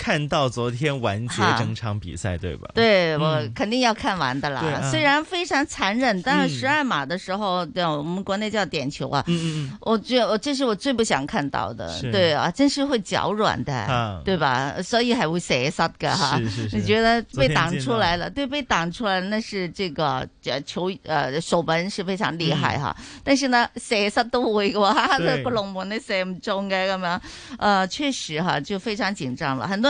看到昨天完結整場比賽，對吧？對，我肯定要看完的啦。雖然非常殘忍，但是十二碼的時候，對，我們國內叫點球啊。嗯嗯，我覺我這是我最不想看到的，對啊，真是會腳軟的，對吧？所以還會射殺的哈。是是是。你覺得被擋出來了？對，被擋出來，那是這個球呃守門是非常厲害哈。但是呢，射殺都會的話，個龍門你射唔中嘅咁樣，呃，確實哈就非常緊張了，很多。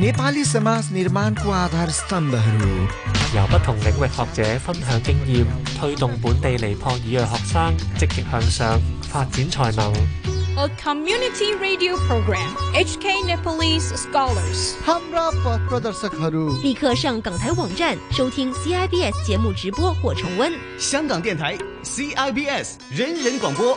尼泊利社羣建設的基礎。由不同領域學者分享經驗，推動本地尼泊爾裔學生積極向上，發展才能。A community radio program, HK Nepalese Scholars。立刻上港台網站收聽 CIBS 節目直播或重温。香港電台 CIBS 人人廣播。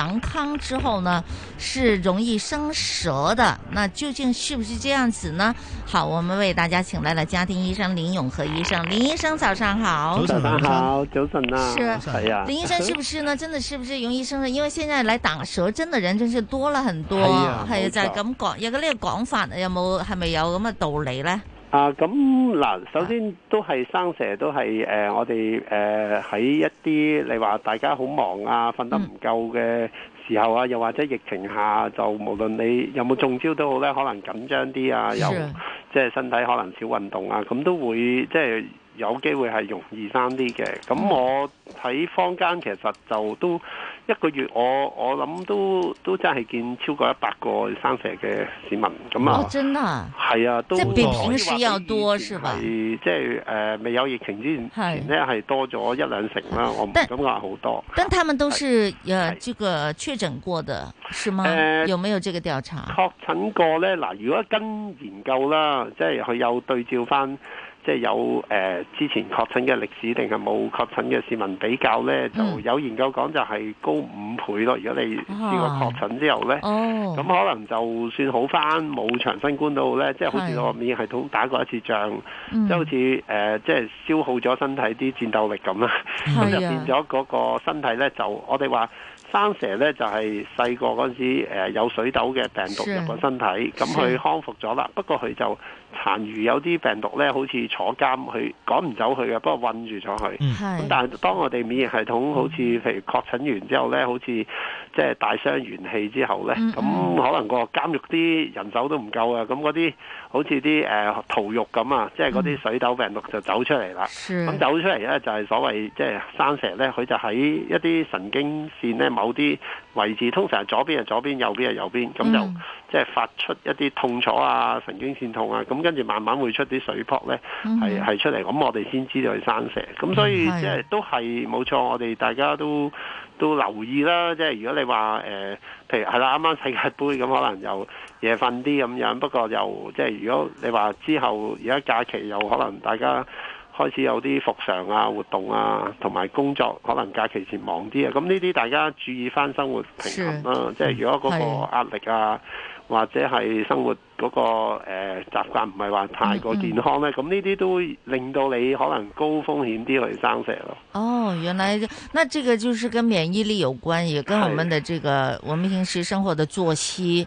陽康之後呢，是容易生蛇的，那究竟是不是這樣子呢？好，我們為大家請來了家庭醫生林永和醫生，林醫生早上好。早晨好，早晨呢、啊、是，係呀林醫生是不是呢？真的是不是，容易生蛇？ 因為現在來打蛇針的人真是多了很多，哎、呀還有係就係咁講，沒想有個呢個講法，有冇係咪有咁嘅道理呢？啊，咁嗱，首先都係生蛇都係誒、呃，我哋誒喺一啲，你話大家好忙啊，瞓得唔夠嘅時候啊，又或者疫情下，就無論你有冇中招都好咧，可能緊張啲啊，又即係身體可能少運動啊，咁都會即係、就是、有機會係容易生啲嘅。咁我喺坊間其實就都。一個月我我諗都都真係見超過一百個生蛇嘅市民咁、哦、啊，係啊，都即比平時要多，是，是吧？係即係誒，未、呃、有疫情之前咧，係多咗一兩成啦，是我唔敢話好多但。但他們都是誒，是呃、這個確診過的是嗎？呃、有沒有這個調查？確診過咧嗱，如果跟研究啦，即係佢有對照翻。即係有誒、呃、之前確診嘅歷史，定係冇確診嘅市民比較咧，嗯、就有研究講就係高五倍咯。如果你試過確診之後咧，咁、啊哦、可能就算好翻冇長新冠都好咧，即係好似我免疫系統打過一次仗，即係、嗯、好似誒即係消耗咗身體啲戰鬥力咁啦，咁、嗯、就變咗嗰個身體咧就我哋話。生蛇咧就係細個嗰時誒有水痘嘅病毒入個身體，咁佢是康復咗啦。是不過佢就殘餘有啲病毒咧，好似坐監佢趕唔走佢嘅，不過困住咗佢。咁是但係當我哋免疫系統好似譬如確診完之後咧，好似即係大傷元氣之後咧，咁是可能個監獄啲人手都唔夠啊，咁嗰啲。好似啲誒逃獄咁啊，即係嗰啲水痘病毒就走出嚟啦。咁走、嗯、出嚟咧就係、是、所謂即係生蛇咧，佢就喺一啲神經線咧某啲位置，通常係左邊係左邊，右邊係右邊，咁、嗯、就即係、就是、發出一啲痛楚啊、神經線痛啊，咁跟住慢慢會出啲水泡咧，係係、嗯、出嚟。咁我哋先知道係生蛇。咁所以即、就、係、是、是都係冇錯，我哋大家都都留意啦。即、就、係、是、如果你話誒、呃，譬如係啦，啱啱世界盃咁，可能有。夜瞓啲咁樣，不過又即係如果你話之後而家假期又可能大家開始有啲復常啊活動啊，同埋工作可能假期前忙啲啊，咁呢啲大家注意翻生活平衡啦。是即係如果嗰個壓力啊，是或者係生活嗰個誒習慣唔係話太過健康咧，咁呢啲都會令到你可能高風險啲嚟生蛇咯。哦，原來那這個就是跟免疫力有關，也跟我們的這個是我們平時生活的作息。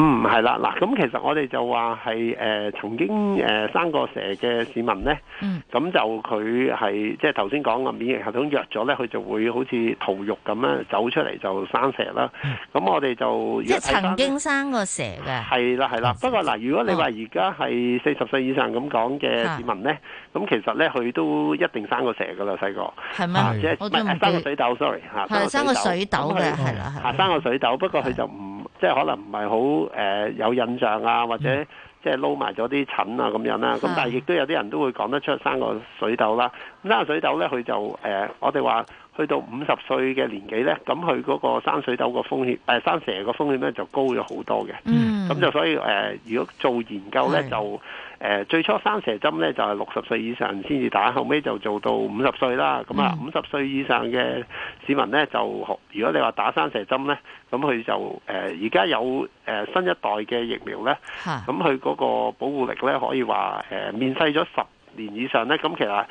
嗯，係啦，嗱，咁其實我哋就話係誒，曾經誒生過蛇嘅市民咧，咁就佢係即係頭先講嘅免疫系統弱咗咧，佢就會好似逃獄咁樣走出嚟就生蛇啦。咁我哋就即係曾經生過蛇嘅，係啦係啦。不過嗱，如果你話而家係四十歲以上咁講嘅市民咧，咁其實咧佢都一定生過蛇噶啦，細個，啊，即係唔係生個水痘，sorry，吓，係生個水痘嘅，係啦係。吓，生個水痘，不過佢就唔。即係可能唔係好誒有印象啊，或者即係撈埋咗啲疹啊咁樣啦，啊。咁但係亦都有啲人都會講得出生個水痘啦。咁生水痘咧，佢就誒、呃、我哋話去到五十歲嘅年紀咧，咁佢嗰個生水痘個風險誒、呃、生蛇個風險咧就高咗好多嘅。咁、嗯、就所以誒、呃，如果做研究咧的就。誒最初生蛇針咧就係六十歲以上先至打，後尾就做到五十歲啦。咁啊，五十歲以上嘅市民咧就，如果你話打生蛇針咧，咁佢就誒而家有誒新一代嘅疫苗咧，咁佢嗰個保護力咧可以話誒面世咗十年以上咧，咁其實。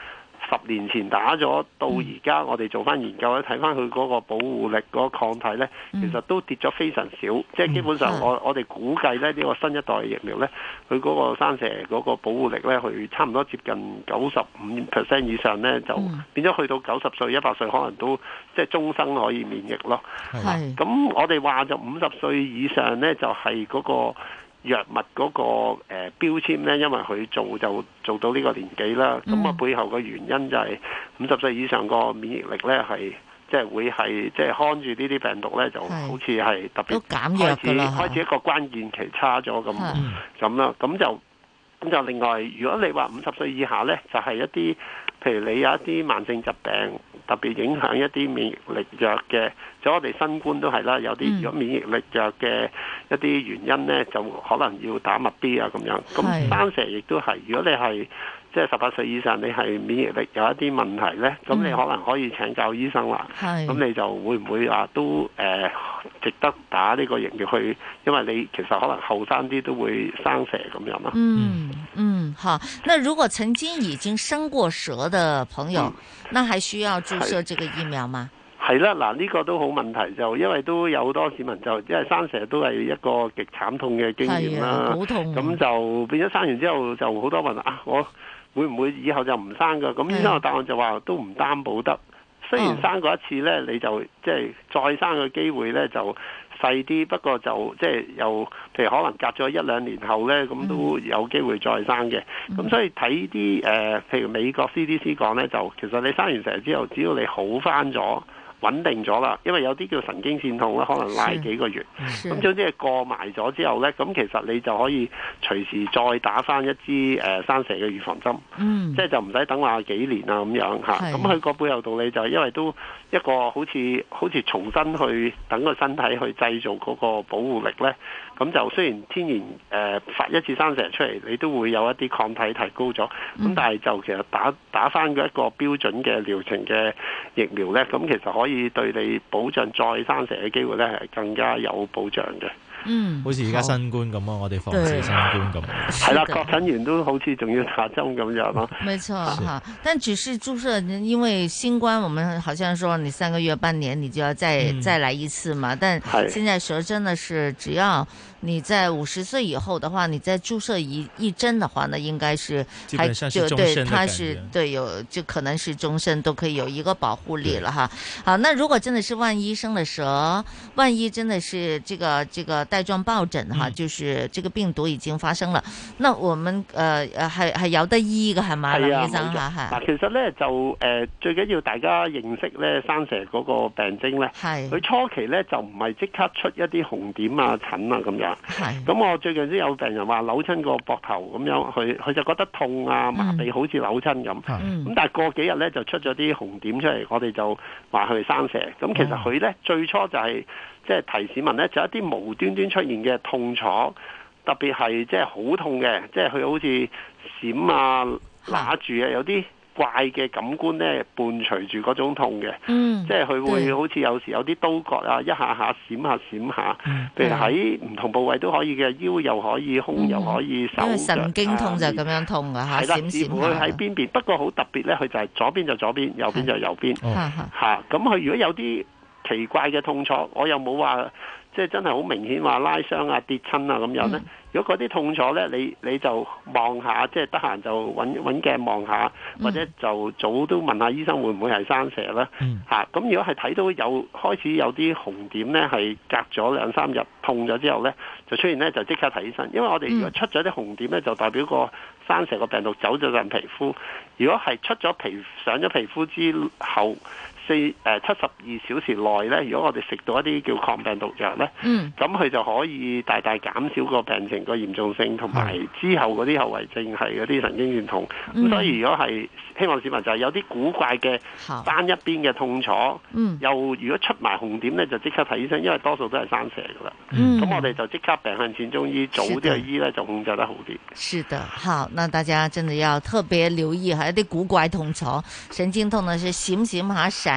十年前打咗到而家，我哋做翻研究咧，睇翻佢嗰個保護力嗰個抗體咧，其實都跌咗非常少。即係、嗯、基本上，我我哋估計咧呢個新一代疫苗咧，佢嗰個生蛇嗰個保護力咧，佢差唔多接近九十五 percent 以上咧，就變咗去到九十歲、一百歲，可能都即係、就是、終生可以免疫咯。咁是我哋話就五十歲以上咧，就係嗰、那個。藥物嗰、那個誒、呃、標籤咧，因為佢做就做到呢個年紀啦，咁啊、嗯、背後嘅原因就係五十歲以上個免疫力呢，係即係會係即係看住呢啲病毒呢，就好似係特別開始開始一個關鍵期差咗咁咁啦，咁就咁是就，就另外，如果你話五十歲以下呢，就係、是、一啲譬如你有一啲慢性疾病。特別影響一啲免疫力弱嘅，就我哋新冠都係啦，有啲如果免疫力弱嘅一啲原因呢，就可能要打密啲啊咁樣。咁單蛇亦都係，如果你係。即係十八歲以上，你係免疫力有一啲問題呢。咁你可能可以請教醫生啦。係、嗯，咁你就會唔會啊？都、呃、值得打呢個疫苗去？因為你其實可能後生啲都會生蛇咁樣啊、嗯。嗯嗯，好。那如果曾經已經生過蛇的朋友，嗯、那還需要注射這個疫苗嗎？係啦，嗱，呢、呢個都好問題，就因為都有好多市民就因為生蛇都係一個極慘痛嘅經驗啦，好痛。咁就變咗生完之後就好多問啊，我。會唔會以後就唔生嘅？咁醫生答案就話都唔擔保得。雖然生過一次呢，你就即係再生嘅機會呢就細啲，不過就即係又譬如可能隔咗一兩年後呢，咁都有機會再生嘅。咁所以睇啲誒，譬如美國 CDC 講呢，就其實你生完蛇之後，只要你好返咗。穩定咗啦，因為有啲叫神經線痛咧，可能賴幾個月。咁是總之係過埋咗之後呢，咁其實你就可以隨時再打翻一支誒生蛇嘅預防針，嗯、即係就唔使等話幾年啊咁樣吓。咁佢個背後道理就係因為都一個好似好似重新去等個身體去製造嗰個保護力呢。咁就雖然天然誒、呃、發一次生蛇出嚟，你都會有一啲抗體提高咗。咁但係就其實打打返一個標準嘅療程嘅疫苗呢，咁其實可以對你保障再生蛇嘅機會呢，係更加有保障嘅。嗯，好似而家新冠咁啊，好我哋防止新冠咁，係啦對，確診完都好似仲要打針咁樣咯。沒錯吓，但只是注射，因為新冠，我們好像說你三個月，半年你就要再，嗯，再來一次嘛。但係現在蛇真的是，只要你在五十歲以後的話，你再注射一一針的話呢，那應該是還，基本上是終身的。對，它是對，有就可能是終身都可以有一個保護力了對哈。好，那如果真的是萬一生了蛇，萬一真的是這個這個帶狀疱疹吓就是這個病毒已經發生了。嗯、那我們誒係係有得醫嘅，係嘛？係其實咧，就誒、呃、最緊要大家認識咧，生蛇嗰個病徵咧。係佢是初期咧就唔係即刻出一啲紅點啊疹啊咁樣。係咁是我最近都有病人話扭親個膊頭咁樣，佢佢、嗯、就覺得痛啊麻痹好像，好似扭親咁。咁但係過幾日咧就出咗啲紅點出嚟，我哋就話佢生蛇。咁其實佢咧、嗯、最初就係、是。即係提市民咧，就一啲無端端出現嘅痛楚，特別係即係好痛嘅，即係佢好似閃啊、乸住啊，有啲怪嘅感官咧，伴隨住嗰種痛嘅，即係佢會好似有時有啲刀割啊，一下下閃下閃下，譬如喺唔同部位都可以嘅，腰又可以，胸又可以，手嘅，因為神經痛就咁樣痛嘅嚇，閃閃下。佢喺邊邊，不過好特別咧，佢就係左邊就左邊，右邊就右邊。嚇咁佢如果有啲，奇怪嘅痛楚，我又冇話即係真係好明顯話拉傷啊、跌親啊咁樣呢。嗯、如果嗰啲痛楚呢，你你就望下，即係得閒就揾揾鏡望下，或者就早都問下醫生會唔會係生蛇啦。吓、嗯，咁、啊、如果係睇到有開始有啲紅點呢，係隔咗兩三日痛咗之後呢，就出現呢，就即刻睇醫生。因為我哋如果出咗啲紅點呢，就代表個生蛇個病毒走咗入皮膚。如果係出咗皮上咗皮膚之後。四、呃、七十二小時內咧，如果我哋食到一啲叫抗病毒藥咧，咁佢、嗯、就可以大大減少個病情個嚴重性，同埋、嗯、之後嗰啲後遺症係嗰啲神經痛。咁、嗯、所以如果係希望市民就係有啲古怪嘅單一邊嘅痛楚，嗯、又如果出埋紅點咧，就即刻睇醫生，因為多數都係生蛇噶啦。咁、嗯、我哋就即刻病向淺中醫、嗯、早啲去醫咧，就控制得好啲。是的，好，那大家真的要特別留意下，一啲古怪痛楚、神經痛呢，是閃閃下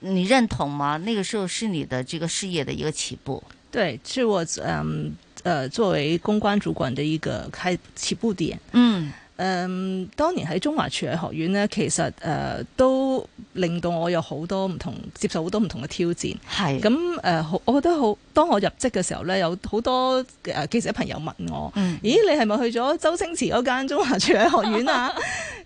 你認同嗎？那個時候是你的這個事業的一個起步，對，是我嗯，呃，作為公關主管的一個開起步點。嗯，嗯，當年喺中華廚藝學院呢，其實誒、呃、都令到我有好多唔同，接受好多唔同嘅挑戰。係咁誒，我覺得好。當我入職嘅時候呢，有好多誒記者朋友問我，嗯、咦，你係咪去咗周星馳嗰間中華廚藝學院啊？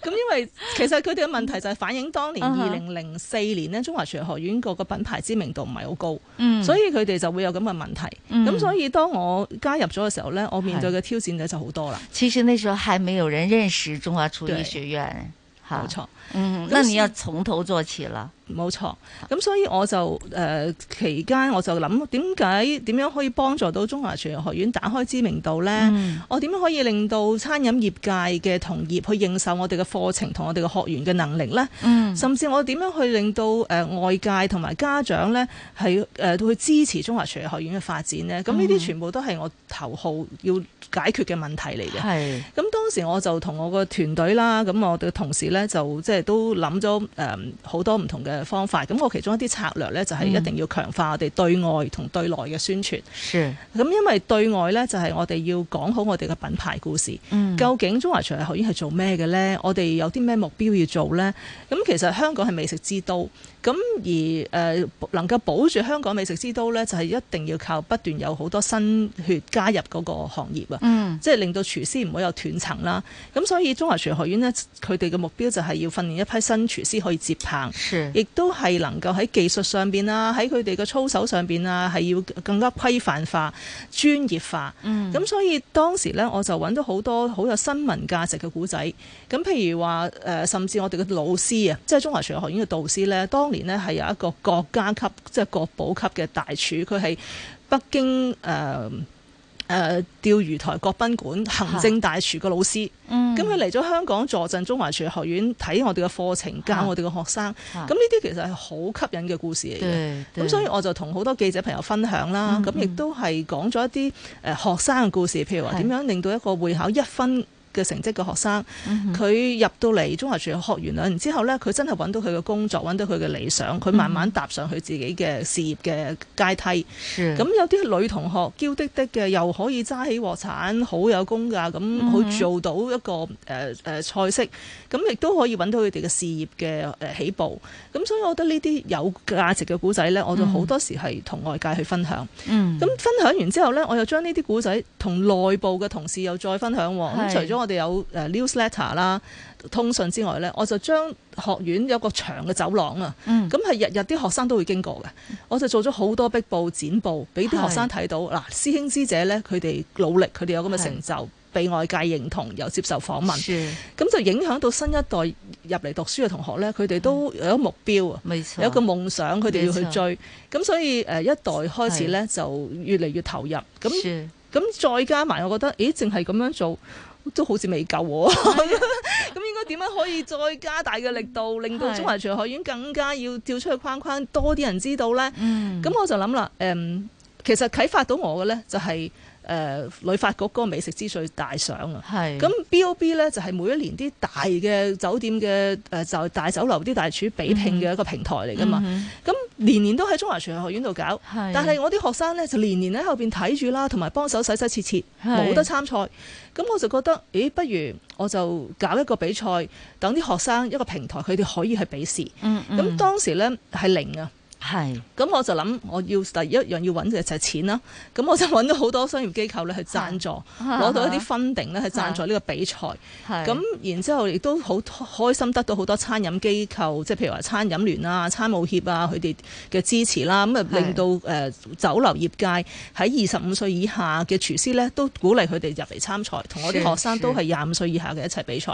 咁 因為其實佢哋嘅問題就係反映當年二零零四年呢，中華廚藝學院個個品牌知名度唔係好高，嗯、所以佢哋就會有咁嘅問題。咁、嗯、所以當我加入咗嘅時候呢，我面對嘅挑戰呢就好多啦。其實，那時候還沒有人認識中華廚藝學院。冇錯，錯嗯，咁你要從頭做起啦。冇錯，咁所以我就誒、呃、期間我就諗，點解點樣可以幫助到中華廚藝學院打開知名度呢？嗯、我點樣可以令到餐飲業界嘅同業去認受我哋嘅課程同我哋嘅學員嘅能力呢？嗯、甚至我點樣去令到誒外界同埋家長呢？係誒去、呃、支持中華廚藝學院嘅發展呢？咁呢啲全部都係我頭號要解決嘅問題嚟嘅，咁是當時我就同我個團隊啦，咁我哋同事咧就即係都諗咗誒好多唔同嘅方法。咁我其中一啲策略咧就係一定要強化我哋對外同對內嘅宣傳。咁是因為對外咧就係我哋要講好我哋嘅品牌故事。嗯、究竟中華廚藝學院係做咩嘅咧？我哋有啲咩目標要做咧？咁其實香港係美食之都。咁而誒能夠保住香港美食之都呢，就係、是、一定要靠不斷有好多新血加入嗰個行業啊！嗯，即係令到廚師唔好有斷層啦。咁所以中華廚學院呢，佢哋嘅目標就係要訓練一批新廚師可以接棒，是亦都係能夠喺技術上邊啊，喺佢哋嘅操守上邊啊，係要更加規範化、專業化。咁、嗯、所以當時呢，我就揾到好多好有新聞價值嘅古仔。咁譬如話誒甚至我哋嘅老師啊，即係中華廚學院嘅導師呢。當年呢，係有一個國家級即係國寶級嘅大廚，佢係北京誒誒、呃、釣魚台國賓館行政大廚嘅老師。咁佢嚟咗香港坐鎮中華廚學院，睇我哋嘅課程，教我哋嘅學生。咁呢啲其實係好吸引嘅故事嚟嘅。咁所以我就同好多記者朋友分享啦。咁亦都係講咗一啲誒學生嘅故事，譬如話點樣令到一個會考一分嘅成績嘅學生，佢、嗯、哼入到嚟中華廚學完啦，然之後呢，佢真係揾到佢嘅工作，揾到佢嘅理想，佢、嗯、慢慢踏上佢自己嘅事業嘅階梯。咁是有啲女同學嬌滴滴嘅，又可以揸起鍋鏟，好有功㗎，咁佢做到一個誒誒、嗯哼呃、菜式，咁亦都可以揾到佢哋嘅事業嘅誒起步。咁所以我覺得呢啲有價值嘅古仔呢，我就好多時係同外界去分享。咁、嗯、分享完之後呢，我又將呢啲古仔同內部嘅同事又再分享。咁是除咗我哋有誒 newsletter 啦、通訊之外呢，我就將學院有個長嘅走廊啊，咁係日日啲學生都會經過嘅。我就做咗好多壁報、展報，俾啲學生睇到嗱是、啊。師兄師姐呢，佢哋努力，佢哋有咁嘅成就，是被外界認同，又接受訪問，咁是就影響到新一代入嚟讀書嘅同學呢，佢哋都有目標，有一個夢、嗯、想，佢哋要去追。咁錯所以誒，一代開始呢就越嚟越投入。咁咁是再加埋，我覺得，咦，淨係咁樣做。都好似未夠喎，咁應該點樣可以再加大嘅力度，是的 令到中華廚學院更加要跳出去框框，多啲人知道呢？咁的、嗯、我就諗啦、嗯，其實啟發到我嘅呢，就係、是。誒旅發局嗰個美食之最大賞啊，咁 B.O.B 咧就係、是、每一年啲大嘅酒店嘅、呃、就大酒樓啲大廚比拼嘅一個平台嚟㗎嘛，咁、嗯、哼年年都喺中華廚藝學院度搞，是但係我啲學生咧就年年喺後面睇住啦，同埋幫手洗洗切切，冇得參賽，咁是我就覺得，誒不如我就搞一個比賽，等啲學生一個平台，佢哋可以去比試，咁、嗯嗯、當時咧係零啊。係，咁是我就諗我要第一樣要揾嘅就係錢啦。咁我就揾到好多商業機構咧去贊助，攞到是一啲分定咧去贊助呢個比賽。咁然之後亦都好開心得到好多餐飲機構，即係譬如話餐飲聯啊、餐務協啊佢哋嘅支持啦。咁啊令到誒酒樓業界喺二十五歲以下嘅廚師咧都鼓勵佢哋入嚟參賽，同我啲學生都係廿五歲以下嘅一齊比賽。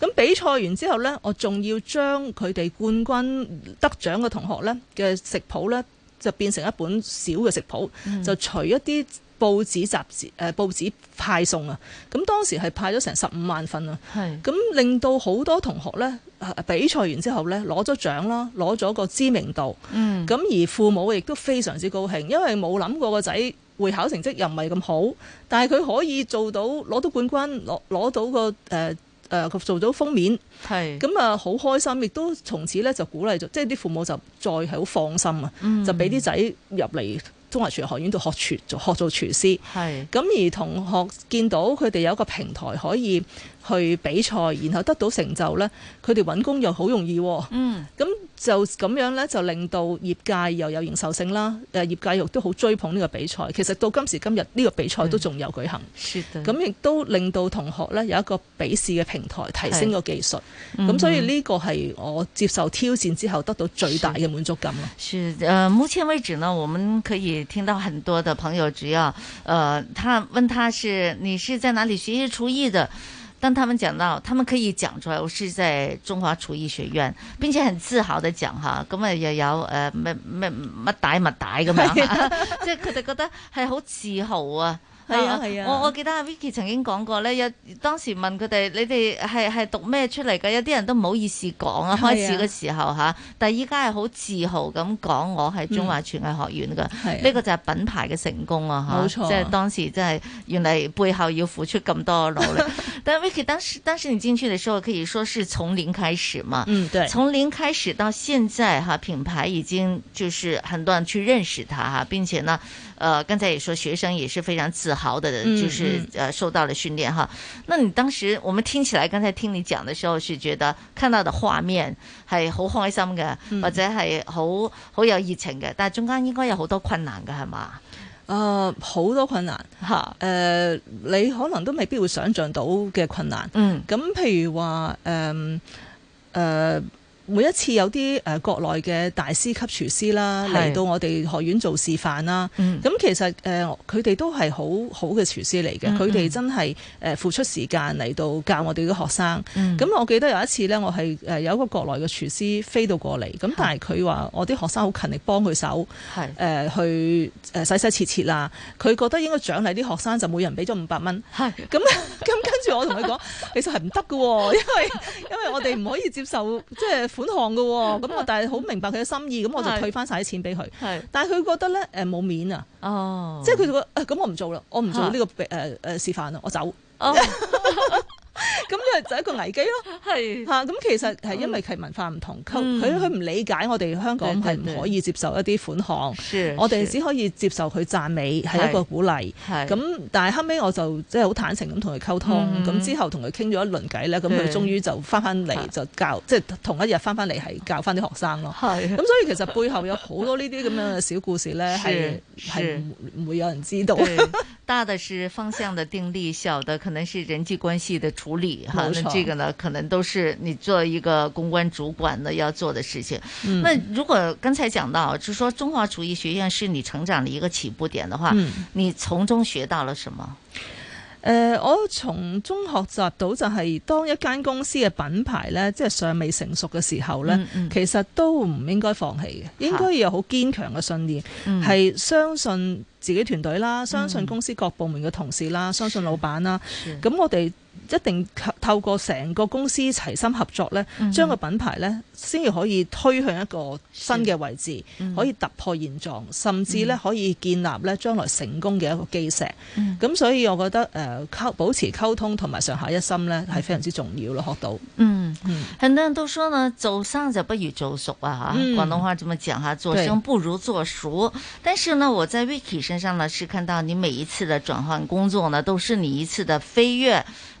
咁比賽完之後咧，我仲要將佢哋冠軍得獎嘅同學咧嘅。食譜咧就變成一本小嘅食譜，嗯、就隨一啲報紙雜誌誒報紙派送啊，咁當時係派咗成十五萬份啊，咁是令到好多同學咧比賽完之後咧攞咗獎啦，攞咗個知名度，咁、嗯、而父母亦都非常之高興，因為冇諗過個仔會考成績又唔係咁好，但係佢可以做到攞到冠軍，攞攞到個誒。呃誒佢、呃、做咗封面，係咁啊，好開心，亦都從此咧就鼓勵咗，即係啲父母就再係好放心啊，嗯、就俾啲仔入嚟中華廚學院度學廚做做廚師，係咁是而同學見到佢哋有一個平台可以，去比賽，然後得到成就呢，佢哋揾工又好容易、哦。嗯，咁就咁樣呢，就令到業界又有營售性啦。誒、呃，業界亦都好追捧呢個比賽。其實到今時今日，呢、這個比賽都仲有舉行。嗯、是的。咁亦都令到同學呢有一個比試嘅平台，的提升個技術。咁、嗯、所以呢個係我接受挑戰之後得到最大嘅滿足感咯。是、呃、目前為止呢，我們可以聽到很多的朋友主，只要誒，他問他是你是在哪裡學習廚藝的？但他們講到，他們可以講出來，我是在中華廚藝學院，並且很自豪地講也、呃、的講，哈，咁啊又有誒乜乜乜大乜大咁樣，即係佢哋覺得係好自豪啊。啊，係啊！我、啊、我記得阿 Vicky 曾經講過咧，有當時問佢哋，你哋係係讀咩出嚟嘅？有啲人都唔好意思講啊，開始嘅時候吓，啊、但係依家係好自豪咁講，我係中華傳藝學院噶。呢、嗯啊、個就係品牌嘅成功啊！吓，冇錯，即係當時真係，原嚟背後要付出咁多努力。 但係 Vicky 當時，當時你進去的時候，可以說是從零開始嘛。嗯，對，從零開始到現在哈，品牌已經就是很多人去認識他。哈，並且呢。呃，剛才也說學生，也是非常自豪的，就是誒、嗯呃、受到了訓練哈。那你當時，我們聽起來，剛才聽你講的時候，是覺得看到的畫面 a h o c k e 係好開心嘅，嗯、或者係好好有熱情嘅，但係中間應該有好多困難的係嘛？是呃好多困難吓，誒、呃，你可能都未必會想象到嘅困難。嗯，咁譬如話誒誒。呃呃每一次有啲誒、呃、國內嘅大師級廚師啦，嚟到我哋學院做示範啦，咁、嗯、其實誒佢哋都係好好嘅廚師嚟嘅，佢哋、嗯嗯、真係誒、呃、付出時間嚟到教我哋啲學生。咁、嗯、我記得有一次呢，我係誒有一個國內嘅廚師飛到過嚟，咁但係佢話我啲學生好勤力幫，幫佢手，誒、呃、去誒洗洗切切啦，佢覺得應該獎勵啲學生就每人俾咗五百蚊。咁咁是跟住我同佢講， 其實係唔得㗎喎，因為因為我哋唔可以接受即係。就是本行嘅喎，咁我但係好明白佢嘅心意，咁 我就退翻晒啲錢俾佢。係，是是 但係佢覺得咧，誒冇面啊，哦、哎，即係佢覺得，誒咁我唔做啦，我唔做呢個誒誒示範啦，我走。哦 咁就係一個危機咯，係吓，咁其實係因為其文化唔同，佢佢佢唔理解我哋香港係唔可以接受一啲款項，我哋只可以接受佢讚美，係一個鼓勵。咁但係後尾我就即係好坦誠咁同佢溝通，咁之後同佢傾咗一輪偈咧，咁佢終於就翻翻嚟就教，即係同一日翻翻嚟係教翻啲學生咯。咁所以其實背後有好多呢啲咁樣嘅小故事咧，係，係唔會有人知道。大的是方向的定力，小的可能是人際關係的處處理錯哈，那這個呢，可能都是你做一個公關主管呢要做的事情。嗯、那如果剛才講到，就說中華廚藝學院是你成長的一個起步點的話，嗯、你從中學到了什麼？呃、我從中學習到就係、是，當一間公司嘅品牌呢，即係尚未成熟嘅時候呢，嗯嗯、其實都唔應該放棄嘅，應該要有好堅強嘅信念，係哈相信自己團隊啦，嗯、相信公司各部門嘅同事啦，嗯、相信老闆啦。咁我哋。一定透過成個公司齊心合作呢、嗯、將個品牌呢先至可以推向一個新嘅位置，嗯、可以突破現狀，甚至呢可以建立呢將來成功嘅一個基石。咁、嗯、所以，我覺得、呃、保持溝通同埋上下一心呢係非常之重要咯。學到嗯嗯，嗯很多人都說呢做生就不如做熟啊，哈、嗯！廣東話咁樣講嚇，做生不如做熟。對但是呢，我在 Vicky 身上呢，是看到你每一次的轉換工作呢，都是你一次的飛躍。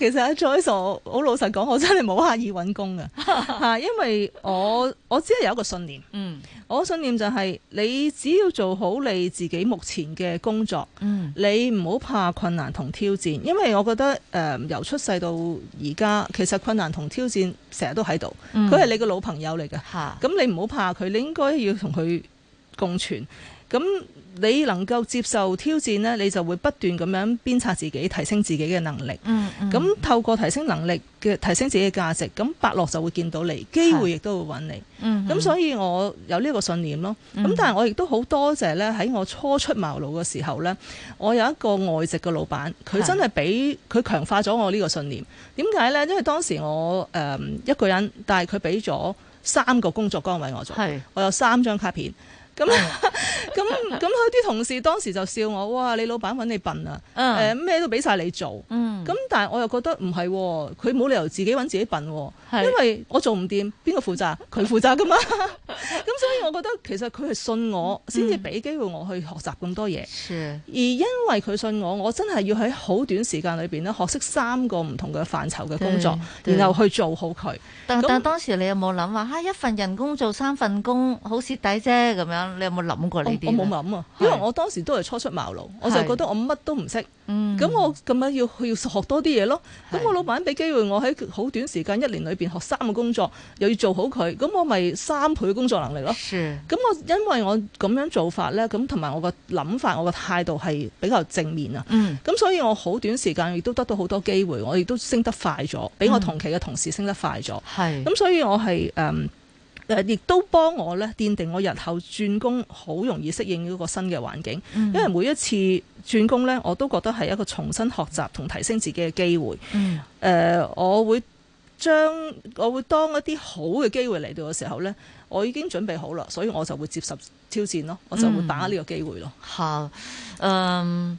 其實阿 Joyce 我好老實講，我真係冇刻意揾工㗎吓， 因為我我只係有一個信念，嗯，我信念就係、是、你只要做好你自己目前嘅工作，嗯，你唔好怕困難同挑戰，因為我覺得誒、呃、由出世到而家，其實困難同挑戰成日都喺度，佢係你個老朋友嚟嘅，吓，咁你唔好怕佢，你應該要同佢共存，咁。你能夠接受挑戰呢，你就會不斷咁樣鞭策自己，提升自己嘅能力。嗯咁、嗯、透過提升能力嘅提升自己嘅價值，咁伯樂就會見到你，機會亦都會揾你。嗯。咁所以我有呢個信念咯。咁、嗯、哼但係我亦都好多謝呢。喺我初出茅廬嘅時候呢，我有一個外籍嘅老闆，佢真係俾佢強化咗我呢個信念。點解呢？因為當時我、呃、一個人，但係佢俾咗三個工作崗位我做。是我有三張卡片。咁咁咁，佢啲 同事當時就笑我，哇！你老闆揾你笨啊，誒咩、嗯呃、都俾晒你做，咁、嗯、但係我又覺得唔係、哦，佢冇理由自己揾自己笨、啊，是因為我做唔掂，邊個負責？佢負責噶嘛？咁 所以，我覺得其實佢係信我先至俾機會我去學習咁多嘢，嗯、而因為佢信我，我真係要喺好短時間裏邊咧學識三個唔同嘅範疇嘅工作，然後去做好佢。但那但當時你有冇諗話啊一份人工做三份工好蝕底啫咁樣？你有冇諗過呢啲？我我冇諗啊，因為我當時都係初出茅廬，是我就覺得我乜都唔識。嗯，咁我咁樣要要學多啲嘢咯。咁是我老闆俾機會我喺好短時間一年裏邊學三個工作，又要做好佢，咁我咪三倍工作能力咯。是。咁我因為我咁樣做法咧，咁同埋我個諗法、我個態度係比較正面啊。嗯。咁所以，我好短時間亦都得到好多機會，我亦都升得快咗，比我同期嘅同事升得快咗。係是。咁所以我是，我係誒。亦都幫我咧奠定我日後轉工好容易適應嗰個新嘅環境，嗯、因為每一次轉工呢，我都覺得係一個重新學習同提升自己嘅機會。誒、嗯呃，我會將我會當一啲好嘅機會嚟到嘅時候呢，我已經準備好啦，所以我就會接受挑戰咯，我就會把握呢個機會咯。嚇，嗯。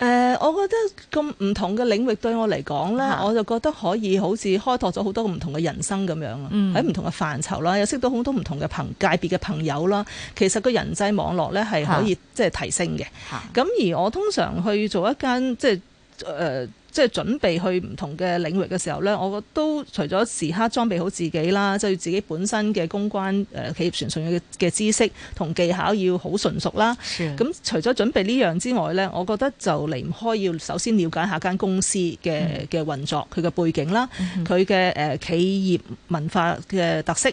誒、呃，我覺得咁唔同嘅領域對我嚟講呢，的我就覺得可以好似開拓咗好多唔同嘅人生咁樣，喺唔、嗯、同嘅範疇啦，又識到好多唔同嘅朋友界別嘅朋友啦，其實個人際網絡呢係可以即係提升嘅。咁的而我通常去做一間即係誒。就是呃即係準備去唔同嘅領域嘅時候呢，我覺得都除咗時刻裝備好自己啦，即係自己本身嘅公關、呃、企業傳訊嘅嘅知識同技巧要好純熟啦。咁的除咗準備呢樣之外呢，我覺得就離唔開要首先了解下間公司嘅嘅、嗯、運作，佢嘅背景啦，佢嘅、呃、企業文化嘅特色。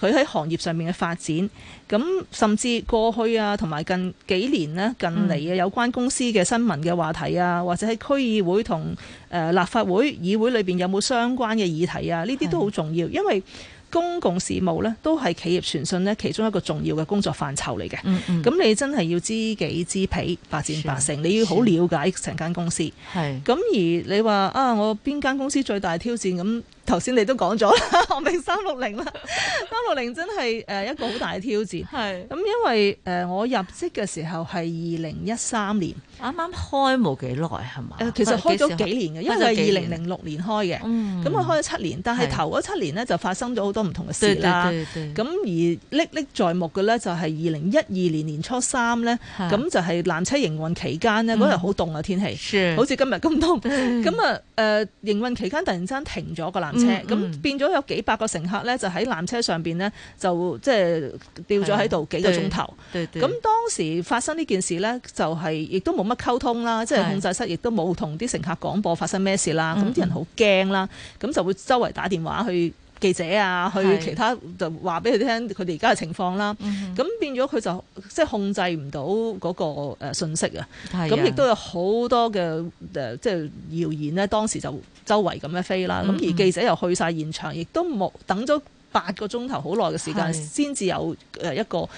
佢喺行業上面嘅發展，咁甚至過去啊，同埋近幾年呢，近嚟嘅有關公司嘅新聞嘅話題啊，嗯、或者喺區議會同誒、呃、立法會議會裏邊有冇相關嘅議題啊？呢啲都好重要，是因為公共事務呢，都係企業傳訊呢其中一個重要嘅工作範疇嚟嘅、嗯。嗯咁你真係要知己知彼，百戰百勝。算你要好了解成間公司。係是。咁而你話啊，我邊間公司最大挑戰咁？頭先你都講咗啦，我明三六零啦，三六零真係誒一個好大嘅挑戰。係咁，因為誒我入職嘅時候係二零一三年，啱啱開冇幾耐係嘛？其實開咗幾年嘅，因為佢係二零零六年開嘅，咁佢開咗七年，但係頭七年呢就發生咗好多唔同嘅事啦。咁而歷歷在目嘅呢就係二零一二年年初三呢，咁就係纜車營運期間呢，嗰日好凍啊，天氣，好似今日咁凍。咁啊誒營運期間突然間停咗個纜。咁、嗯嗯、變咗有幾百個乘客咧，就喺纜車上面咧，就即係掉咗喺度幾個鐘頭。咁當時發生呢件事咧，就係亦都冇乜溝通啦，即、就、係、是、控制室亦都冇同啲乘客廣播發生咩事啦。咁啲是人好驚啦，咁就會周圍打電話去，記者啊，去其他就話俾佢聽，佢哋而家嘅情況啦。咁、嗯、變咗佢就即係控制唔到嗰個誒信息啊。咁亦都有好多嘅即係謠言呢，當時就周圍咁樣飛啦。咁、嗯、而記者又去晒現場，亦、嗯、都冇等咗八個鐘頭好耐嘅時間，先至是有一個誒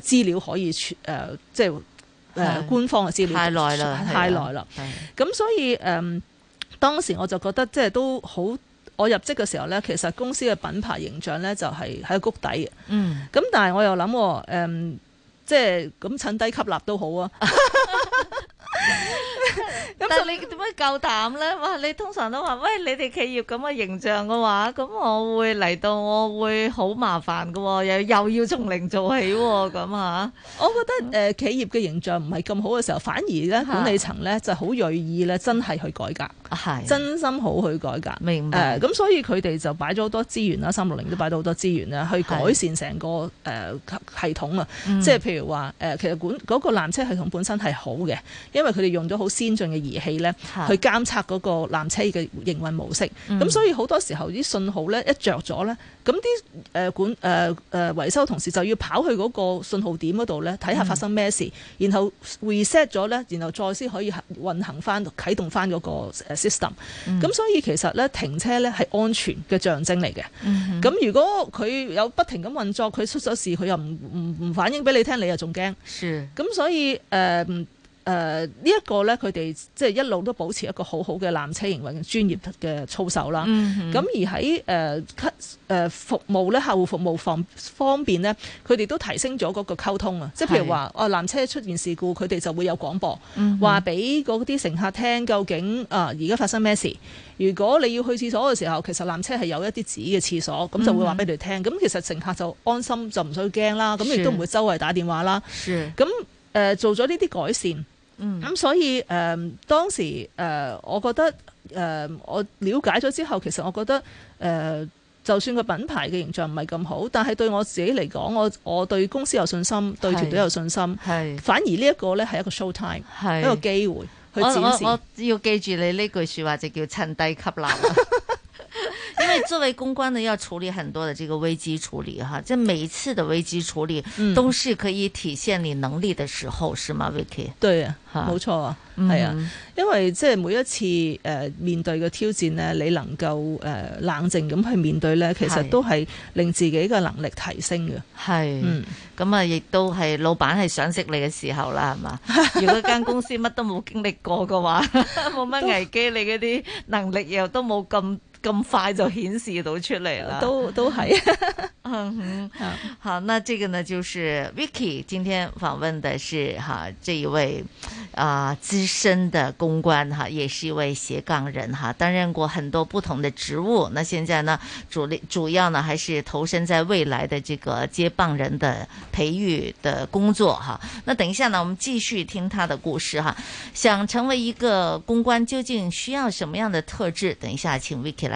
資料可以傳，即係官方嘅資料。太耐啦！太耐啦！咁、啊、所以誒、呃，當時我就覺得即係都好。我入職嘅時候呢，其實公司嘅品牌形象呢就係喺谷底。嗯。咁但係我又諗，誒、嗯，即係咁趁低吸納都好啊。 但你點解夠膽咧？哇！你通常都話喂，你哋企業咁嘅形象嘅話，咁我會嚟到我會好麻煩嘅，又又要從零做起咁，哦、啊！ 我覺得誒、呃，企業嘅形象唔係咁好嘅時候，反而咧管理層咧是就好銳意咧，真係去改革，是真心好去改革。明白。誒、呃，咁所以佢哋就擺咗好多資源啦，三六零都擺咗好多資源啦，是去改善成個誒、呃、系統啊。嗯、即係譬如話誒、呃，其實管嗰個纜車系統本身係好嘅，因為佢哋用咗好。先進嘅儀器咧，去監測嗰個纜車嘅營運模式。咁、嗯、所以好多時候啲信號咧一着咗咧，咁啲誒管誒誒維修同事就要跑去嗰個信號點嗰度咧睇下發生咩事，嗯、然後 reset 咗咧，然後再先可以運行翻、啟動翻嗰個 system。咁、嗯、所以其實咧停車咧係安全嘅象徵嚟嘅。咁、嗯、哼如果佢有不停咁運作，佢出咗事，佢又唔唔唔反應俾你聽，你又仲驚。咁是所以誒。呃誒呢一個呢，佢哋即係一路都保持一個好好嘅纜車營運專業嘅操守啦。咁、嗯、哼而喺誒、呃、服務呢客戶服務方方面呢，佢哋都提升咗嗰個溝通是啊。即係譬如話，哦纜車出現事故，佢哋就會有廣播話俾嗰啲乘客聽，究竟啊而家發生咩事？如果你要去廁所嘅時候，其實纜車係有一啲紙嘅廁所，咁就會話俾你聽。咁、嗯、哼其實乘客就安心，就唔使驚啦。咁亦都唔會周圍打電話啦。咁是、呃、做咗呢啲改善。嗯，咁、嗯、所以誒、呃、當時誒、呃、我覺得誒、呃、我了解咗之後，其實我覺得誒、呃、就算個品牌嘅形象唔係咁好，但係對我自己嚟講，我我對公司有信心，對團隊有信心，係反而呢一個咧，係一個 show time。是一個機會去展示。我我要記住你呢句說話就叫趁低吸納。 因為作為公關呢，要處理很多的這個危機處理哈，即係每一次的危機處理，都是可以體現你能力的時候，是嘛，Vicky？對啊，冇、啊、錯啊，係、嗯、啊，因為即係每一次誒、呃、面對嘅挑戰呢，你能夠誒、呃、冷靜咁去面對呢，其實都係令自己嘅能力提升嘅，係，咁啊、嗯，亦、嗯、都係老闆係賞識你嘅時候啦，係嘛？如果間公司乜都冇經歷過嘅話，冇乜危機，你嗰啲能力又都冇咁。咁快就顯示到出嚟啦，都都係， 嗯嗯，好，那這個呢就是 Vicky，今天訪問的是哈這一位啊、呃、資深的公關，哈也是一位斜槓人，哈擔任過很多不同的職務，那現在呢主力主要呢還是投身在未來的這個接棒人的培育的工作，哈，那等一下呢，我們繼續聽他的故事，哈，想成為一個公關究竟需要什麼樣的特質？等一下請 Vicky 來。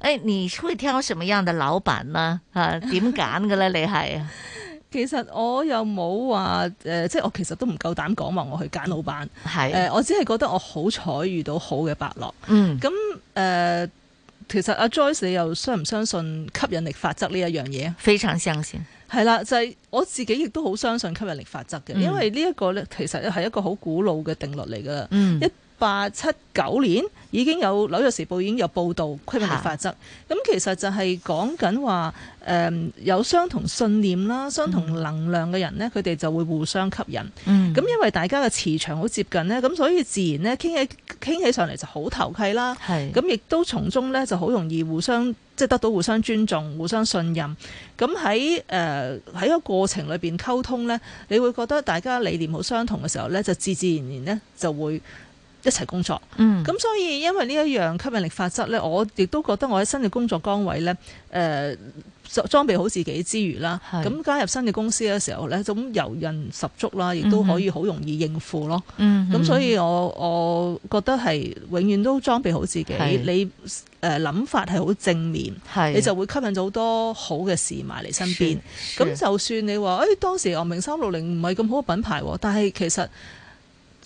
誒、哎，你會挑什麼樣的老闆、啊啊、呢？啊點揀嘅咧？你係，其實我又冇話誒，即係我其實都唔夠膽講話我去揀老闆，係誒的、呃，我只係覺得我好彩遇到好嘅伯樂。嗯，咁誒、呃，其實阿 Joyce，你又相唔相信吸引力法則呢一樣嘢？非常相信，係啦，就係、是、我自己亦都好相信吸引力法則嘅，嗯、因為呢一個咧，其實係一個好古老嘅定律嚟噶嗯。八七九年已經有紐約時報已經有報導規範嘅法則，咁、啊、其實就係講緊話誒有相同信念啦、相同能量嘅人呢，佢哋、嗯、就會互相吸引。咁、嗯、因為大家嘅磁場好接近呢，咁所以自然呢傾起傾起上嚟就好投契啦。咁亦都從中呢就好容易互相即係得到互相尊重、互相信任。咁喺誒喺一個過程裏邊溝通呢，你會覺得大家理念好相同嘅時候呢，就自自然然呢就會一齊工作，咁、嗯、所以因為呢一樣吸引力法則呢，我亦都覺得我喺新嘅工作崗位呢，誒、呃、裝備好自己之餘啦，咁是加入新嘅公司嘅時候呢，就咁遊刃十足啦，亦都可以好容易應付咯。咁、嗯、哼所以我我覺得係永遠都裝備好自己，是你誒諗、呃、法係好正面，是你就會吸引咗好多好嘅事埋嚟身邊。咁就算你話誒、哎、當時我明三六零唔係咁好嘅品牌，但係其實，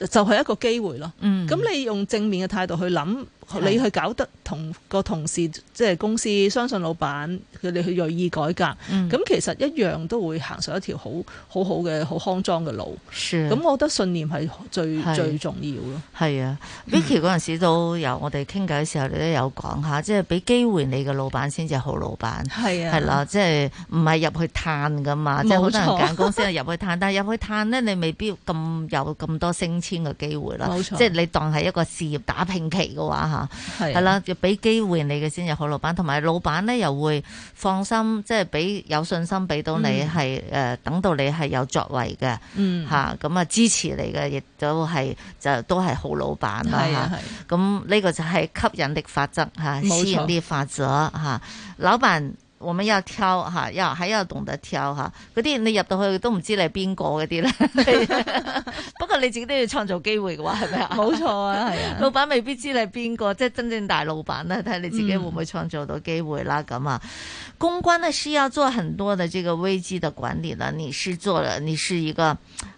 就係一個機會咯，咁你用正面嘅態度去諗。你去搞得同個同事，即係公司相信老闆，佢哋去銳意改革，咁、嗯、其實一樣都會行上一條好好好嘅好康莊嘅路。咁、啊、我覺得信念係最是、啊、最重要咯。係啊、嗯、，Vicky 嗰陣時都有我哋傾偈嘅時候也，你都有講下，即係俾機會你嘅老闆先至係好老闆，係啊，係啦、啊，即係唔係入去嘆㗎嘛？錯即係好多人揀公司係入去嘆， 但係入去嘆咧，你未必咁有咁多升遷嘅機會啦。冇錯錯，即係你當係一個事業打拼期嘅話。係係啦，要俾機會你嘅先有好老闆，同埋老闆咧又會放心，即係俾有信心俾到你係誒、嗯呃，等到你係有作為嘅，嗯吓，咁啊支持你嘅，亦都係就都係好老闆啦吓。咁呢、啊啊啊啊、個就係吸引力法則吓，吸引力法則吓，老闆。我咪要挑，嚇，又喺又懂得挑。嚇、啊，嗰啲你入到去都唔知你係邊個嗰啲咧。 不過你自己都要創造機會嘅話，係咪啊？冇錯啊，係啊。老闆未必知你係邊個，即、就、係、是、真正大老闆咧，睇下你自己會唔會創造到機會啦咁啊。嗯、公關呢，需要做很多嘅這個危機嘅管理啦。你是做了，你是一個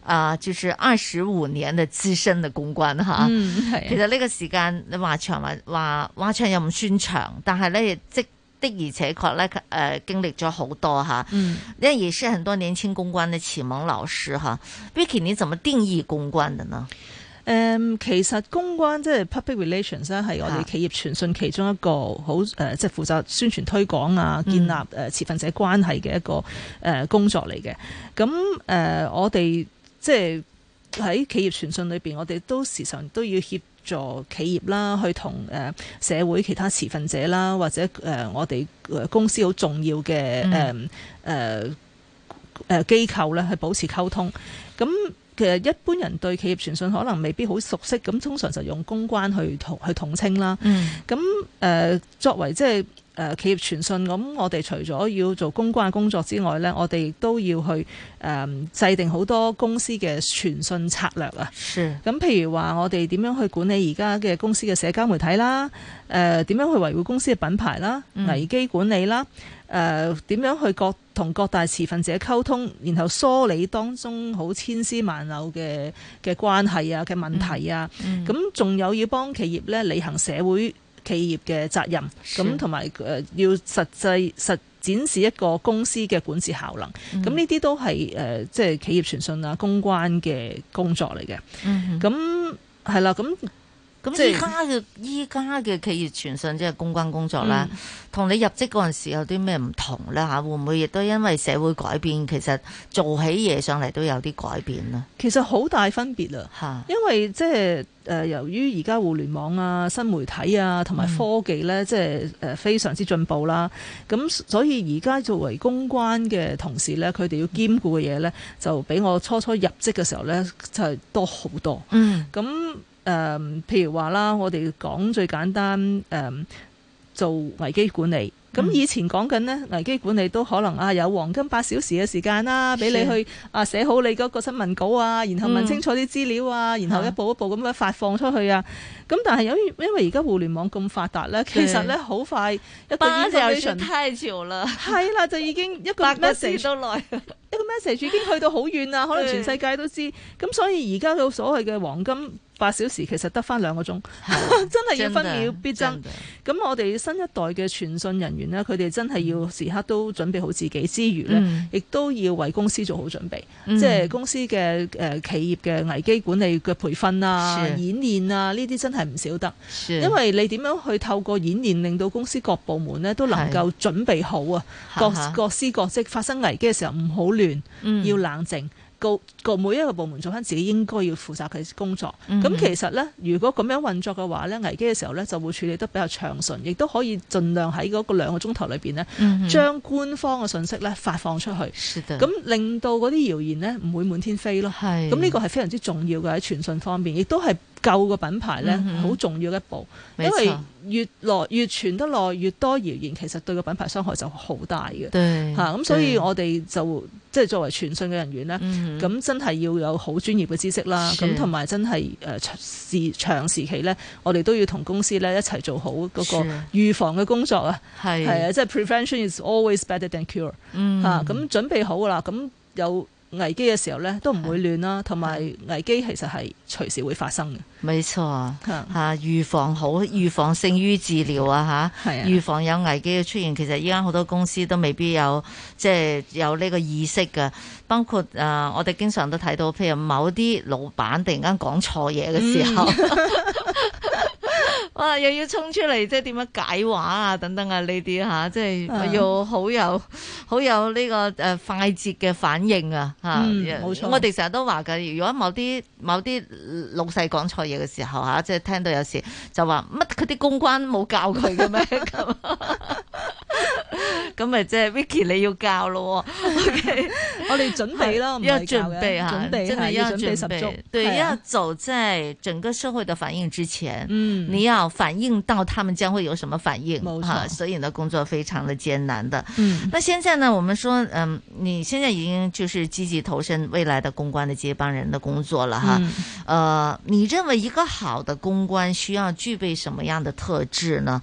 啊、呃，就是二十五年嘅資深嘅公關哈。嗯啊、其實呢個時間你話長話話話長又唔算長，但係咧即。的而且確咧，誒、呃、經歷咗好多嚇，嗯，那亦係很多年輕公關嘅啟蒙老師嚇。Vicky、嗯、你怎麼定義公關嘅呢？誒、嗯，其實公關即係 public relations 咧，係我哋企業傳訊其中一個好誒、呃，即係負責宣傳推廣啊，建立誒、呃、持份者關係嘅一個誒、呃、工作嚟嘅。咁誒、呃，我哋即係喺企業傳訊裏邊，我哋都時常都要協。助企業啦，去同誒社會其他持份者啦，或者誒我哋誒公司好重要嘅誒誒誒機構咧，去保持溝通咁。其實一般人對企業傳訊可能未必好熟悉，咁通常就用公關去去統稱啦。咁、嗯、作為即係誒企業傳訊，咁我哋除咗要做公關工作之外呢，我哋都要去誒制定好多公司嘅傳訊策略啊。咁是譬如話我哋點樣去管理而家嘅公司嘅社交媒體啦，誒點樣去維護公司嘅品牌啦，危機管理啦。嗯誒點、呃、樣去各同各大持份者溝通，然後梳理當中好千絲萬縷嘅嘅關係啊嘅問題啊，咁仲、嗯、有要幫企業咧履行社會企業嘅責任，咁同埋誒要實際實展示一個公司嘅管治效能，咁呢啲都係誒、呃、即係企業傳信啊、公關嘅工作嚟嘅，咁係、嗯、哼啦，咁。咁依家嘅依家嘅企業傳信即係公關工作啦，同、嗯、你入職嗰陣時有啲咩唔同咧？吓，會唔會亦都因為社會改變，其實做起嘢上嚟都有啲改變呢？其實好大分別啦，吓、啊，因為即係誒，由於而家互聯網啊、新媒體啊同埋科技咧，即係誒非常之進步啦。咁所以而家作為公關嘅同事咧，佢哋要兼顧嘅嘢咧，就比我初初入職嘅時候咧就係、是、多好多。嗯，咁。誒、嗯，譬如話啦，我哋講最簡單誒、嗯，做危機管理。咁、嗯、以前講緊呢，危機管理都可能啊，有黃金八小時嘅時間啦，俾你去啊寫好你嗰個新聞稿啊，是然後問清楚啲資料啊，嗯、然後一步一步咁樣發放出去啊。咁是但係因因為而家互聯網咁發達咧，是其實咧好快一個 information 太潮啦，係 啦，就已經一個 message 都來， 一個 message 已經去到好遠啦，可能全世界都知。咁對所以而家有所謂嘅黃金八小時其實得翻兩個鐘，的 真係要分秒必爭。咁我哋新一代嘅傳訊人員呢佢哋真係要時刻都準備好自己之餘呢亦、嗯、都要為公司做好準備。嗯、即係公司嘅、呃、企業嘅危機管理嘅培訓啊、的演練啊，呢啲真係唔少得。的因為你點樣去透過演練，令到公司各部門呢都能夠準備好啊，的各各司各職。各司各職發生危機嘅時候唔好亂，嗯、要冷靜。嗰個每一個部門做翻自己應該要負責嘅工作，咁、嗯、哼其實呢，如果咁樣運作嘅話呢，危機嘅時候呢就會處理得比較暢順，亦都可以盡量喺嗰個兩個鐘頭裏邊呢，將官方嘅信息呢發放出去，咁、嗯、令到嗰啲謠言呢唔會滿天飛咯。咁呢個係非常之重要嘅喺傳訊方面，亦都係。救個品牌咧，好重要一步，嗯、因為越來越傳得耐、越多謠言，其實對個品牌傷害就好大嘅。吓對，咁、啊、所以我哋就對即係作為傳訊嘅人員咧，咁、嗯、哼真係要有好專業嘅知識啦。咁同埋真係誒，時、呃、長時期咧，我哋都要同公司咧一齊做好嗰個預防嘅工作啊。係係啊，即係是、就是、prevention is always better than cure、嗯哼。吓、啊，咁準備好啦，咁有。危機嘅時候呢，都唔會亂啦，同埋危機其實係隨時會發生嘅。沒錯，吓預防好，預防勝於治療啊！吓，預防有危機嘅出現，其實依家好多公司都未必有，即係有呢個意識㗎。包括啊、呃，我哋經常都睇到，譬如某啲老闆突然間講錯嘢嘅時候。嗯 哇！又要衝出嚟，即係點樣解話啊？等等啊！呢啲嚇，即係要好有好、嗯、有呢個誒快捷嘅反應啊！嚇、嗯，冇錯，我哋成日都話噶，如果某啲某啲老細講錯嘢嘅時候嚇，即係聽到有時就話乜佢啲公關冇教佢嘅咩咁。 咁咪即係 Vicky，你要教咯。OK，我哋準備啦，咁嚟教嘅。準備吓，真係要準備十足。對，要走在整個社會的反應之前，嗯，你要反應到他們將會有什麼反應，冇錯。所以呢，工作非常的艱難的。嗯，那現在呢，我們說，嗯，你現在已經就是積極投身未來的公關的接班人的工作了，哈。呃，你認為一個好的公關需要具備什麼樣的特質呢？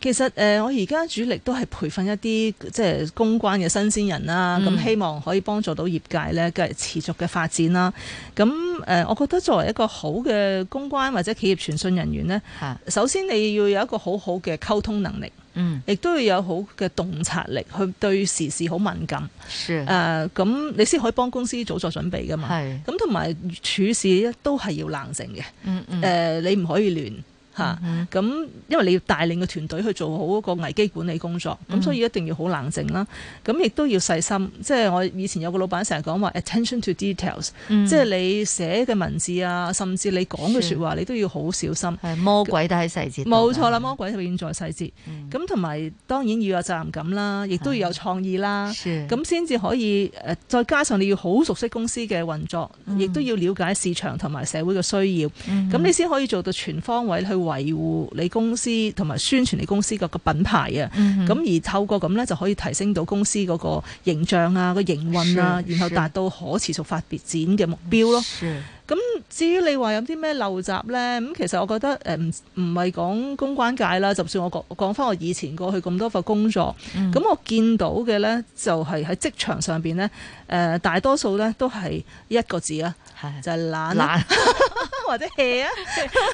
其實誒、呃，我而家主力都係培訓一啲即係公關嘅新鮮人啦、啊，咁、嗯、希望可以幫助到業界咧，繼續持續嘅發展啦。咁誒、呃，我覺得作為一個好嘅公關或者企業傳訊人員咧，的首先你要有一個好好嘅溝通能力，嗯，亦都要有好嘅洞察力，去對時事好敏感，是咁的、呃、你先可以幫公司早作準備噶嘛，咁同埋處事咧都係要冷靜嘅，嗯嗯、呃、你唔可以亂。嚇，咁因為你要帶領個團隊去做好一個危機管理工作，咁所以一定要好冷靜啦。咁亦都要細心，即係我以前有個老闆成日講話 attention to details，即係你寫嘅文字啊，甚至你講嘅說話你都要好小心。係魔鬼都係細節，冇錯啦，魔鬼就在細節。咁同埋當然要有責任感啦，亦都要有創意啦。咁先至可以誒，再加上你要好熟悉公司嘅運作，亦都要了解市場同埋社會嘅需要，咁你先可以做到全方位去。維護你公司同埋宣傳你公司個品牌啊，咁、嗯、哼而透過咁呢，就可以提升到公司嗰個形象啊、個營運啊，然後達到可持續發展嘅目標咯。咁是至於你話有啲咩陋習呢？咁其實我覺得誒唔唔係講公關界啦，就算我講講返我以前過去咁多份工作，咁、嗯、我見到嘅呢，就係喺職場上邊呢，誒大多數呢都係一個字啊。就係懶,、啊、懶，懶 或者 hea 啊，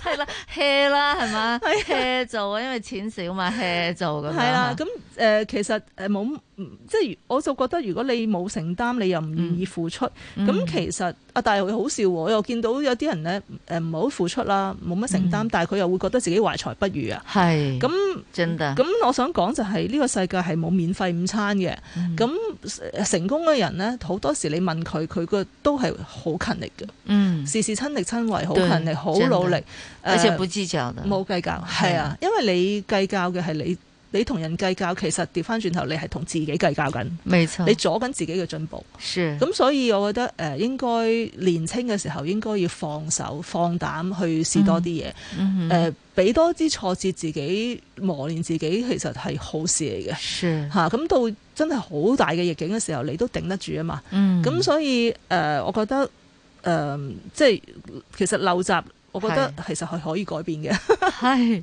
係 啦 hea 啦係嘛 hea 做啊， 因為錢少嘛 hea 做咁樣。係 啦、啊，咁誒、呃、其實誒冇、呃，即係我就覺得如果你冇承擔，你又唔願意付出，咁、嗯、其實阿大、啊、好笑喎，我又見到有啲人咧誒唔好付出啦，冇乜承擔，嗯、但係佢又會覺得自己懷才不遇啊。係，咁真㗎。咁我想講就係、是、呢、這個世界係冇免費午餐嘅。咁、嗯、成功嘅人咧，好多時你問佢，佢個都係好勤力。嗯，事事親力親為，好勤力，好努力，而且不計較的，冇計較，係啊，因為你計較嘅係你，你同人計較，其實掉翻轉頭，你係同自己計較緊，沒錯，你阻緊自己嘅進步，是，咁所以我覺得誒，應該年輕嘅時候應該要放手、放膽去試多啲嘢，誒，俾多啲挫折自己磨練自己，其實係好事嚟嘅。吓，咁到真係好大嘅逆境嘅時候，你都頂得住啊嘛，咁所以誒，我覺得。誒，即係、呃、其實陋習，我覺得其實係可以改變嘅。係。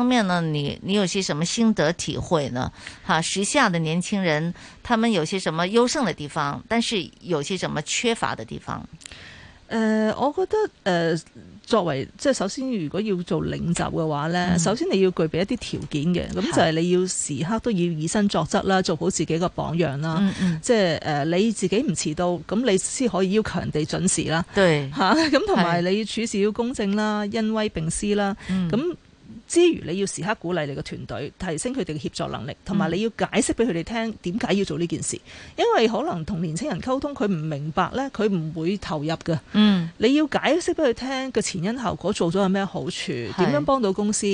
方面呢？你你有些什麼心得體會呢？吓、啊，時下的年輕人，他們有些什麼優勝的地方，但是有些什麼缺乏的地方？誒、呃，我覺得誒、呃，作為即係首先，如果要做領袖嘅話咧，嗯、首先你要具備一啲條件嘅，咁、嗯、就係你要時刻都要以身作則啦，做好自己嘅榜樣啦。嗯嗯、即係誒、呃，你自己唔遲到，咁你先可以要求人哋準時啦。對。吓、啊，咁同埋你處事要公正啦，恩對威並施啦。咁、嗯。之餘，你要時刻鼓勵你個團隊，提升佢哋嘅協作能力，同埋你要解釋俾佢哋聽點解要做呢件事。因為可能同年青人溝通，佢唔明白呢佢唔會投入嘅。嗯，你要解釋俾佢聽個前因後果，做咗有咩好處，點是樣幫到公司，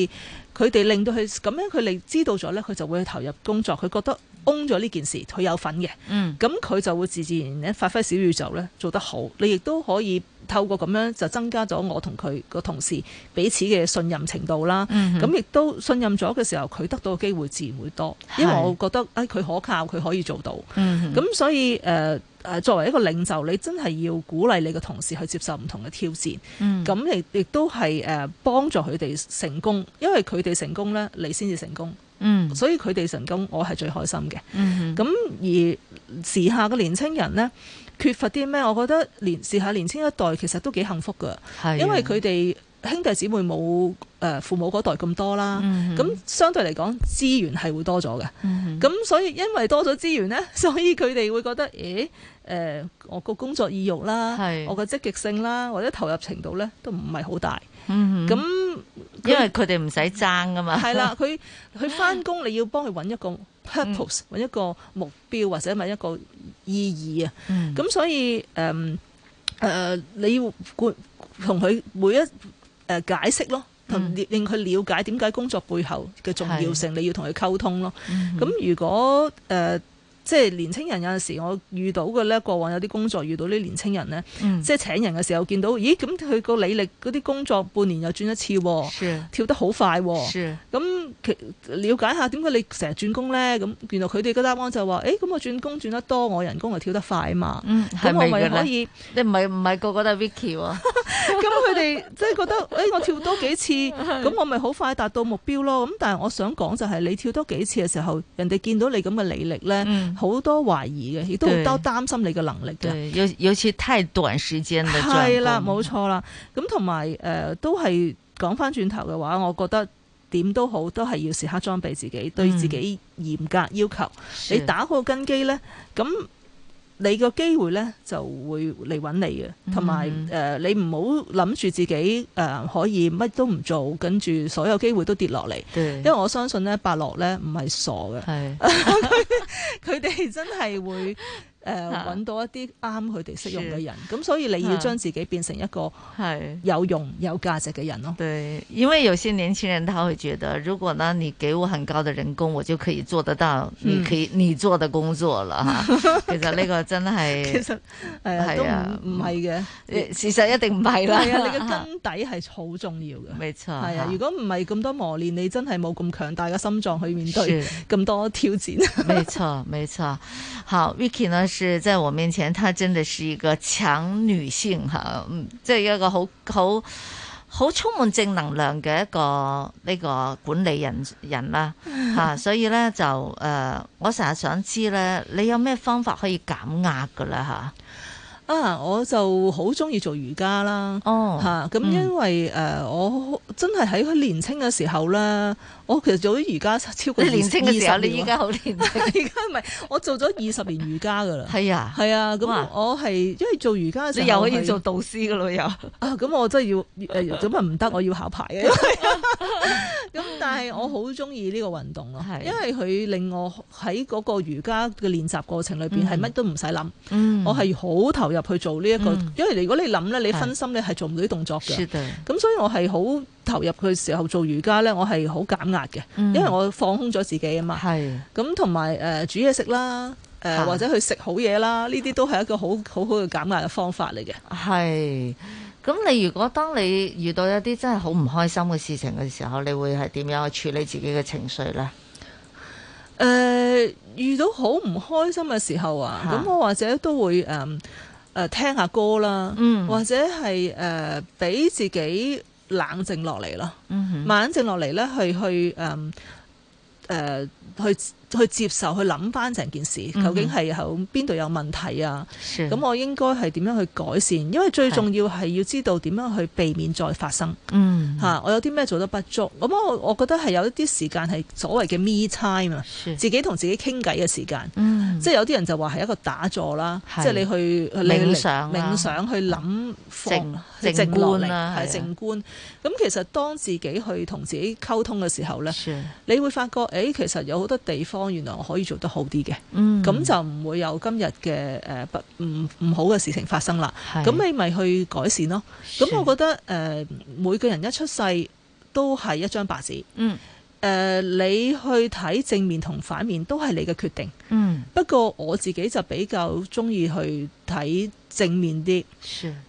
佢哋令到佢咁樣，佢哋知道咗呢，佢就會去投入工作。佢覺得嗡咗呢件事，佢有份嘅。嗯，咁佢就會自自然然發揮小宇宙呢，做得好。你亦都可以。透過咁樣就增加咗我同佢個同事彼此嘅信任程度啦，咁亦、嗯、哼都信任咗嘅時候，佢得到嘅機會自然會多，因為我覺得誒佢是、哎、可靠，佢可以做到，咁、嗯、哼所以、呃、作為一個領袖，你真係要鼓勵你嘅同事去接受唔同嘅挑戰，咁亦亦都係、呃、幫助佢哋成功，因為佢哋成功呢，你先至成功，嗯、所以佢哋成功，我係最開心嘅。咁、嗯、哼而時下嘅年輕人呢。缺乏啲咩？我覺得試試年試下年青一代其實都幾幸福噶，的因為佢哋兄弟姊妹冇誒父母嗰代咁多啦，咁、嗯、哼相對嚟講，資源係會多咗嘅。咁、嗯、哼所以因為多咗資源呢，所以佢哋會覺得誒誒、欸呃，我個工作意欲啦，的我個積極性啦，或者投入程度呢都唔係好大。咁、嗯、哼他因為佢哋唔使爭噶嘛。係 啦，佢佢翻工你要幫佢揾一個。Purpose 揾一個目標或者揾一個意義啊，咁、嗯、所以誒誒、嗯呃，你要同佢每一誒解釋咯，同令佢了解點解工作背後嘅重要性，的你要同佢溝通咯。咁、嗯、如果誒。呃即係年青人有陣時，我遇到嘅咧，過往有啲工作遇到啲年青人咧，嗯、即係請人嘅時候見到，咦？咁佢個履歷嗰啲工作半年又轉一次，是跳得好快，咁瞭是解一下點解你成日轉工咧？咁原來佢哋嘅答案就話：，誒、欸，咁我轉工轉得多，我人工又跳得快啊嘛？咁、嗯、我咪可以，你唔係唔係個個都係 Vicky 喎？咁佢哋即係覺得，誒、 欸，我跳多幾次，咁我咪好快達到目標咯？咁但係我想講就係、是，你跳多幾次嘅時候，人哋見到你咁嘅履歷咧。嗯好多懷疑嘅，亦都好多擔心你嘅能力嘅，尤尤其太短時間嘅狀況。係啦，冇錯啦。咁同埋誒，都係講翻轉頭嘅話，我覺得點都好，都係要時刻裝備自己，嗯、對自己嚴格要求。是你打過根基咧，咁。你個機會呢就會嚟揾你嘅，同埋誒你唔好諗住自己誒可以乜都唔做，跟住所有機會都跌落嚟。因為我相信呢，伯樂呢唔係傻嘅，佢 哋真係會。誒揾到一啲啱佢哋適用嘅人，咁所以你要將自己變成一個係有用、有價值嘅人咯。對。因為有些年輕人，他會覺得，如果呢你給我很高嘅人工，我就可以做得到，你可以你做嘅工作啦。嚇。其實呢個真係，其實，係啊，唔係嘅，事實一定唔係啦。你嘅根底係好重要嘅，冇錯。係啊，如果唔係咁多磨練，你真係冇咁強大嘅心臟去面對咁多挑戰。冇錯，冇錯。好，Vicky 呢？是在我面前，她真的是一個強女性，哈，即係一個好好好充滿正能量嘅一個呢、這個管理人人啦，吓、啊，所以咧，就誒、呃，我成日想知咧，你有咩方法可以減壓噶啦，吓、啊？啊，我就好中意做瑜伽啦，哦，吓、啊，咁因為誒、嗯呃，我真係喺佢年輕嘅時候咧。我其實做咗瑜伽，超過，年輕嘅時候，你依家好年輕。而家唔係，我做咗二十年瑜伽噶啦。係 啊，係啊，咁我係因為做瑜伽嘅時候，你又可以做導師噶咯又。咁、 啊、我真係要誒，咁啊唔得，我要考牌嘅。咁 但係我好中意呢個運動咯，的因為佢令我喺嗰個瑜伽嘅練習過程裏邊係乜都唔使諗，嗯、我係好投入去做呢、這、一個，嗯、因為如果你諗咧，你分心你係做唔到啲動作嘅。咁的所以我係好。投入去的時候做瑜伽呢，我係好減壓嘅，因為我放空咗自己啊嘛。係咁同埋，誒煮嘢食啦，誒、呃、或者去食好嘢啦，呢啲都係一個很很好好好嘅減壓嘅方法嚟嘅。係咁，你如果當你遇到一啲真係好唔開心嘅事情嘅時候，你會係點樣去處理自己嘅情緒呢？誒、呃，遇到好唔開心嘅時候啊，咁、啊、我或者都會誒誒、呃、聽下歌啦，嗯、或者係誒俾自己。冷靜落嚟咯，冷靜落嚟咧，去、呃呃、去誒誒去。去接受，去諗翻成件事，究竟係邊度有問題啊？咁我應該係點樣去改善？因為最重要係要知道點樣去避免再發生。嗯，吓，我有啲咩做得不足？咁我我覺得係有一啲時間係所謂嘅 me time 啊，自己同自己傾偈嘅時間，嗯，即係有啲人就話係一個打坐啦，即係你去冥想啊，冥想去諗，靜靜觀啦，係靜觀。咁其實當自己去同自己溝通嘅時候咧，你會發覺誒其實有好多地方。.當原來我可以做得好啲嘅，咁、嗯、就唔會有今日嘅誒不唔唔好嘅事情發生啦。咁是你咪去改善咯。咁是我覺得誒、呃、每個人一出世都係一張白紙。嗯，誒、呃、你去睇正面同反面都係你嘅決定。嗯，不過我自己就比較鍾意去睇正面啲。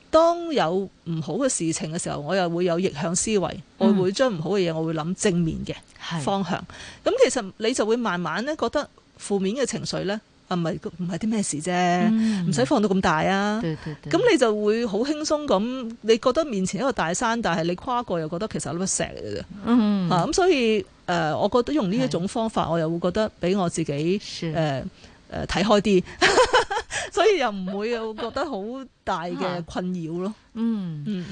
當有唔好嘅事情嘅時候，我又會有逆向思維，嗯、我會將唔好嘅嘢，我會諗正面嘅方向。咁是其實你就會慢慢咧覺得負面嘅情緒咧，啊唔係唔係啲咩事啫，唔使放到咁大啊。咁你就會好輕鬆咁，你覺得面前一個大山，但係你跨過又覺得其實粒乜石嚟嘅。嗯、啊咁，所以誒、呃，我覺得用呢一種方法，是我又會覺得俾我自己誒誒睇開啲。是 所以又唔會有我覺得好大嘅困擾咯、 啊。嗯，嗯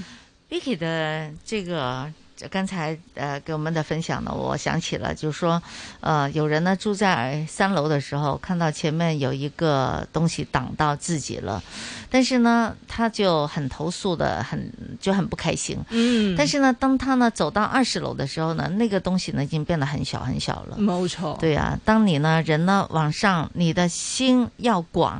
，Vicky 的這個剛才呃給我們的分享呢，我想起了，就是說，呃有人呢住在三樓的時候，看到前面有一個東西擋到自己了，但是呢，他就很投訴的，很就很不開心。嗯，但是呢，當他呢走到二十樓的時候呢，那個東西呢已經變得很小很小了。冇錯錯，對呀、啊。當你呢人呢往上，你的心要廣。